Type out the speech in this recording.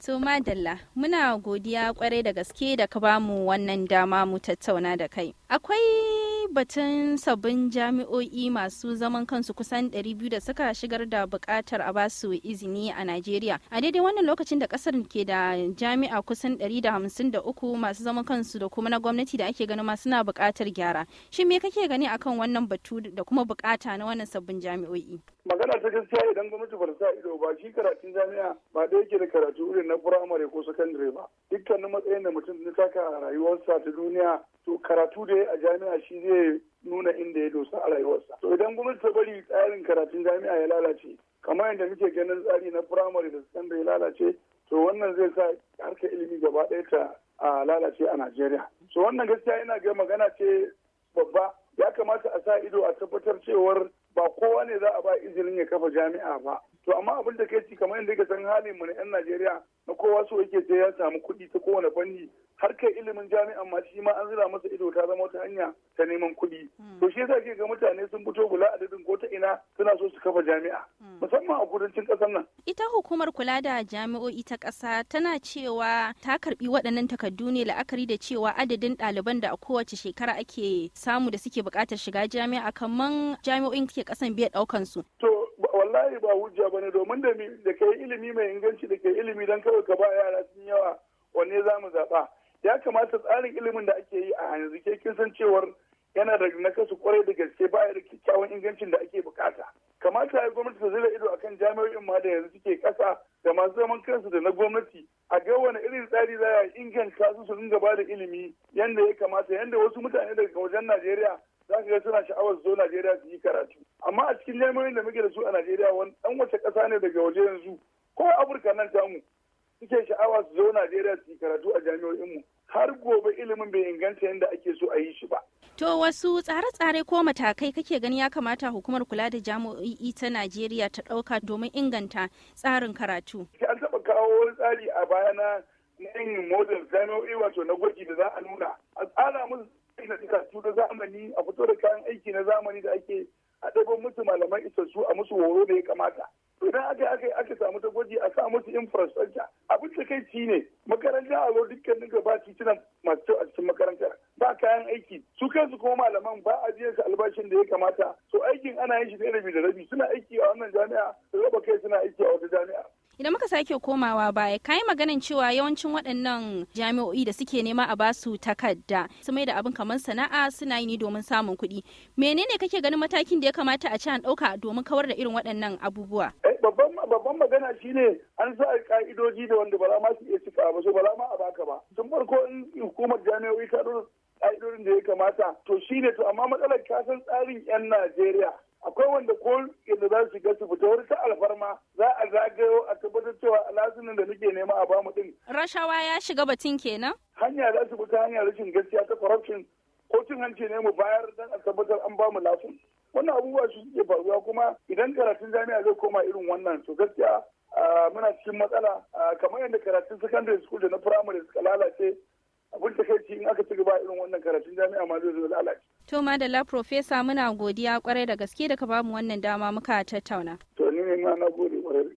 To Madalla, muna godiya kwarai da gaske da ka bamu wannan dama mu tattauna da kai. Akwai batun sabbin jami'o'i masu zaman kansu kusan 200 da suka shigar da bukatar a basu izini a Najeriya. A daidai wannan lokacin da kasar ke da jami'a kusan 153 masu zaman kansu da kuma na gwamnati da ake ganin ma suna bukatar gyara. Shin me kake gani akan wannan batu da kuma bukata na wannan sabbin jami'o'i? Magana ta gaskiya idan gwamnati ba ta sa ido ba shi karatun jami'a ba da yake da karatu irin na firamare ko sakandare ba. dukkan matsayin da mutum ya taka a rayuwarsa ta duniya to karatu da a jami'a shi zai nuna inda ya dosa a rayuwarsa to idan gwamnati ta bari tsarin karatun jami'a ya lalace kamar yadda muke ganin tsari na firamare da sanda ya lalace to wannan zai sa harka ilimi gaba ɗaya ta a lalace a najeriya so wannan gaskiya ina ga magana ce babba ya kamata a sa ido a tabbatar cewar ba kowa ne za a ba izinin ya kafa jami'a ba to amma abin da kai ci kamar yadda ka san halin mu na yan Najeriya na kowa so yake sai ya samu kuɗi ta kowane fanni har kai ilimin jami'an ma shi ma an zira masa ido ta zama wata hanya ta neman kuɗi hmm. to shi yasa ke suna so su kafa jami'a hmm. musamman a kudancin kasar nan. Ita hukumar kula da jami'o'i ta ƙasa tana cewa ta karbi waɗannan takardu ne la'akari da cewa adadin ɗaliban da a kowace shekara ake samu da suke buƙatar shiga jami'a kamar jami'o'in ke ƙasan biyar ɗaukan su. To wallahi ba hujja bane domin da da kai ilimi mai inganci da kai ilimi don kawai ka ba yara sun yawa wanne za mu zaɓa. Ya kamata tsarin ilimin da ake yi a yanzu ke kin san cewar yana da nakasu kwarai da gaske. da yanzu suke kasa da masu zaman kansu da na gwamnati a ga wani irin tsari za a inganta su su dinga ba da ilimi yanda ya kamata yanda wasu mutane daga wajen Najeriya za ka ga suna sha'awar zo Najeriya su yi karatu amma a cikin jami'o'in da muke da su a Najeriya wani dan wace kasa ne daga waje yanzu ko Afirka nan tamu suke sha'awa su zo Najeriya su yi karatu a mu har gobe ilimin bai inganta yadda ake so a yi shi ba To wasu tsare-tsare ko matakai kake gani ya kamata hukumar kula da jami'o'i ta Najeriya ta ɗauka domin inganta tsarin karatu? An taɓa kawo wani tsari a baya na yin model jami'o'i wato na gwaji da za a nuna. A tsara musu na karatu da zamani a fito da kayan aiki na zamani da ake a ɗaukar musu malaman isassu a musu horo da ya kamata. Idan aka aka aka samu ta gwaji a sa musu infrastructure abin da kai ne makaranta a zo dukkanin gaba titunan masu kyau a cikin makaranta ba kayan aiki su kansu kuma malaman ba a biyan su albashin da ya kamata so aikin ana yin shi da rabi da rabi suna aiki a wannan jami'a raba kai suna aiki a wata jami'a idan muka sake komawa baya kayi maganin cewa yawancin waɗannan jami'o'i da suke nema a basu takarda su mai da abin kamar sana'a suna yi ne domin samun kuɗi menene kake ganin matakin da ya kamata a ci an ɗauka domin kawar da irin waɗannan abubuwa babban magana shine an sa ka'idoji da wanda ba ma iya cika ba so ba ma a baka ba tun farko in hukumar jami'o'i ta ka'idodin da ya kamata to shine to amma matsalar kasan tsarin 'yan najeriya akwai wanda ko yadda za su shiga su fita wani ta alfarma za a zagayo a tabbatar cewa alasunan da nake nema a bamu din. Rashawa ya shiga batun kenan? Hanya za su fita hanya rashin gaskiya ta corruption ko cin hanci ne mu bayar dan a tabbatar an bamu lafin. wannan abubuwa su suke faruwa kuma idan karatun jami'a zai koma irin wannan to gaskiya muna cikin matsala kamar yadda karatun secondary school da na primary suka lalace abin takaici in aka ci gaba irin wannan karatun jami'a ma zai zo lalace. To Madalla Profesa muna godiya kwarai da gaske da ka bamu wannan dama muka tattauna. To ni ne ma na gode kwarai.